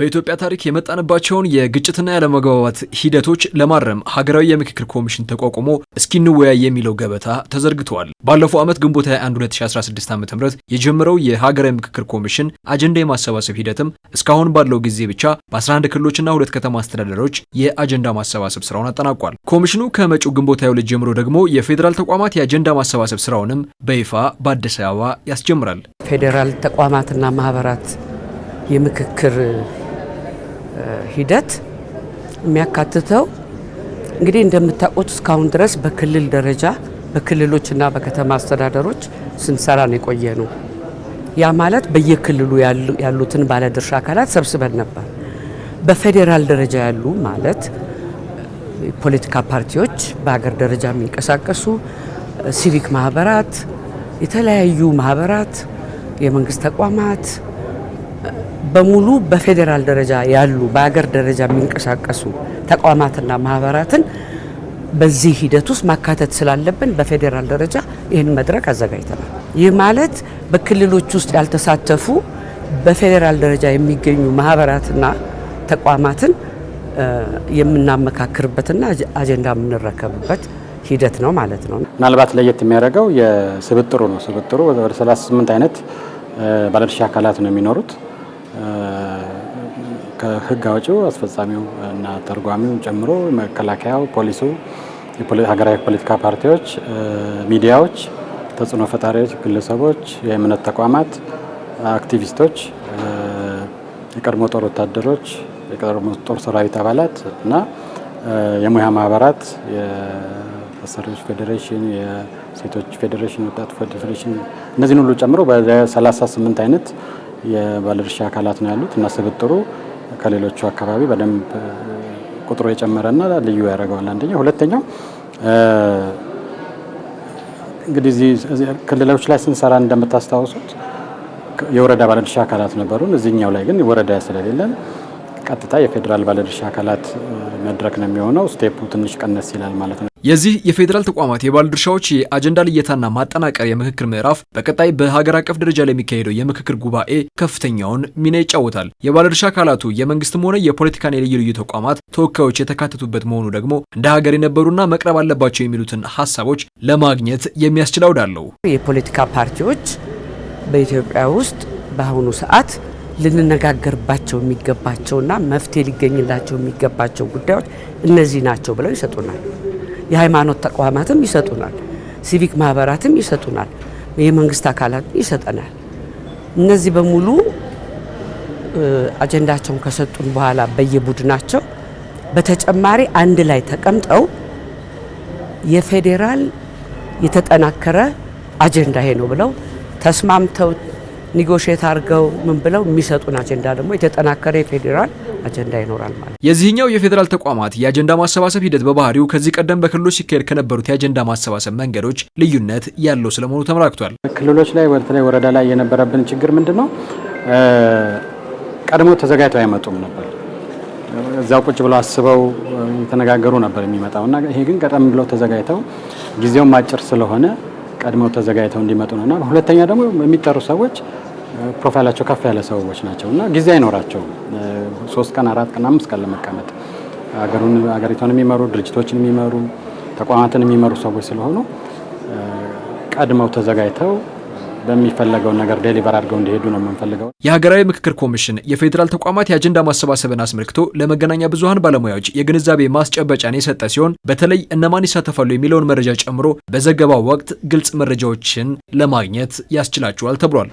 በኢትዮጵያ ታሪክ የመጣንባቸውን የግጭትና ያለመግባባት ሂደቶች ለማረም ሀገራዊ የምክክር ኮሚሽን ተቋቁሞ እስኪንወያይ የሚለው ገበታ ተዘርግተዋል። ባለፈው ዓመት ግንቦት 21 2016 ዓ.ም የጀመረው የሀገራዊ ምክክር ኮሚሽን አጀንዳ የማሰባሰብ ሂደትም እስካሁን ባለው ጊዜ ብቻ በ11 ክልሎችና ሁለት ከተማ አስተዳደሮች የአጀንዳ ማሰባሰብ ስራውን አጠናቋል። ኮሚሽኑ ከመጪው ግንቦት 22 ጀምሮ ደግሞ የፌዴራል ተቋማት የአጀንዳ ማሰባሰብ ስራውንም በይፋ በአዲስ አበባ ያስጀምራል። ፌዴራል ተቋማትና ማህበራት የምክክር ሂደት የሚያካትተው እንግዲህ እንደምታውቁት እስካሁን ድረስ በክልል ደረጃ በክልሎች እና በከተማ አስተዳደሮች ስንሰራ ነው የቆየ ነው። ያ ማለት በየክልሉ ያሉትን ባለድርሻ አካላት ሰብስበን ነበር። በፌዴራል ደረጃ ያሉ ማለት የፖለቲካ ፓርቲዎች፣ በሀገር ደረጃ የሚንቀሳቀሱ ሲቪክ ማህበራት፣ የተለያዩ ማህበራት፣ የመንግስት ተቋማት በሙሉ በፌዴራል ደረጃ ያሉ በሀገር ደረጃ የሚንቀሳቀሱ ተቋማትና ማህበራትን በዚህ ሂደት ውስጥ ማካተት ስላለብን በፌዴራል ደረጃ ይህን መድረክ አዘጋጅተናል። ይህ ማለት በክልሎች ውስጥ ያልተሳተፉ በፌዴራል ደረጃ የሚገኙ ማህበራትና ተቋማትን የምናመካክርበትና አጀንዳ የምንረከብበት ሂደት ነው ማለት ነው። ምናልባት ለየት የሚያደርገው የስብጥሩ ነው። ስብጥሩ ወደ 38 አይነት ባለድርሻ አካላት ነው የሚኖሩት ከህግ አውጪው አስፈጻሚው እና ተርጓሚው ጨምሮ መከላከያው፣ ፖሊሱ፣ ሀገራዊ ፖለቲካ ፓርቲዎች፣ ሚዲያዎች፣ ተጽዕኖ ፈጣሪዎች፣ ግለሰቦች፣ የእምነት ተቋማት፣ አክቲቪስቶች፣ የቀድሞ ጦር ወታደሮች፣ የቀድሞ ጦር ሰራዊት አባላት እና የሙያ ማህበራት የአሰሪዎች ፌዴሬሽን፣ የሴቶች ፌዴሬሽን፣ ወጣት ፌዴሬሽን እነዚህን ሁሉ ጨምሮ በ38 አይነት የባለድርሻ አካላት ነው ያሉት እና ስብጥሩ ከሌሎቹ አካባቢ በደንብ ቁጥሩ የጨመረና ልዩ ያደርገዋል። አንደኛው ሁለተኛው እንግዲህ ክልሎች ላይ ስንሰራ እንደምታስታውሱት የወረዳ ባለድርሻ አካላት ነበሩን። እዚህኛው ላይ ግን ወረዳ ስለሌለን ቀጥታ የፌዴራል ባለድርሻ አካላት መድረክ ነው የሚሆነው። ስቴፑ ትንሽ ቀነስ ይላል ማለት ነው። የዚህ የፌዴራል ተቋማት የባለድርሻዎች የአጀንዳ ልየታና ማጠናቀር የምክክር ምዕራፍ በቀጣይ በሀገር አቀፍ ደረጃ ለሚካሄደው የምክክር ጉባኤ ከፍተኛውን ሚና ይጫወታል። የባለድርሻ አካላቱ የመንግስትም ሆነ የፖለቲካን የልዩ ልዩ ተቋማት ተወካዮች የተካተቱበት መሆኑ ደግሞ እንደ ሀገር የነበሩና መቅረብ አለባቸው የሚሉትን ሀሳቦች ለማግኘት የሚያስችል አውድ አለው። የፖለቲካ ፓርቲዎች በኢትዮጵያ ውስጥ በአሁኑ ሰዓት ልንነጋገርባቸው የሚገባቸውና መፍትሄ ሊገኝላቸው የሚገባቸው ጉዳዮች እነዚህ ናቸው ብለው ይሰጡናል። የሃይማኖት ተቋማትም ይሰጡናል። ሲቪክ ማህበራትም ይሰጡናል። የመንግስት አካላትም ይሰጠናል። እነዚህ በሙሉ አጀንዳቸውን ከሰጡን በኋላ በየቡድናቸው በተጨማሪ አንድ ላይ ተቀምጠው የፌዴራል የተጠናከረ አጀንዳ ይሄ ነው ብለው ተስማምተው ኒጎሽት አድርገው ምን ብለው የሚሰጡን አጀንዳ ደግሞ የተጠናከረ የፌዴራል አጀንዳ ይኖራል ማለት። የዚህኛው የፌዴራል ተቋማት የአጀንዳ ማሰባሰብ ሂደት በባህሪው ከዚህ ቀደም በክልሎች ሲካሄድ ከነበሩት የአጀንዳ ማሰባሰብ መንገዶች ልዩነት ያለው ስለመሆኑ ተመላክቷል። ክልሎች ላይ በተለይ ወረዳ ላይ የነበረብን ችግር ምንድን ነው? ቀድሞ ተዘጋጅተው አይመጡም ነበር። እዛው ቁጭ ብለው አስበው የተነጋገሩ ነበር የሚመጣው እና ይሄ ግን ቀደም ብለው ተዘጋጅተው ጊዜውም አጭር ስለሆነ ቀድመው ተዘጋጅተው እንዲመጡ ነው እና ሁለተኛ ደግሞ የሚጠሩ ሰዎች ፕሮፋይላቸው ከፍ ያለ ሰዎች ናቸው እና ጊዜ አይኖራቸውም ሶስት ቀን አራት ቀን አምስት ቀን ለመቀመጥ አገሩን አገሪቷን የሚመሩ ድርጅቶችን የሚመሩ ተቋማትን የሚመሩ ሰዎች ስለሆኑ ቀድመው ተዘጋጅተው በሚፈለገው ነገር ዴሊቨር አድርገው እንዲሄዱ ነው የምንፈልገው። የሀገራዊ ምክክር ኮሚሽን የፌዴራል ተቋማት የአጀንዳ ማሰባሰብን አስመልክቶ ለመገናኛ ብዙሀን ባለሙያዎች የግንዛቤ ማስጨበጫን የሰጠ ሲሆን በተለይ እነማን ይሳተፋሉ የሚለውን መረጃ ጨምሮ በዘገባው ወቅት ግልጽ መረጃዎችን ለማግኘት ያስችላቸዋል ተብሏል።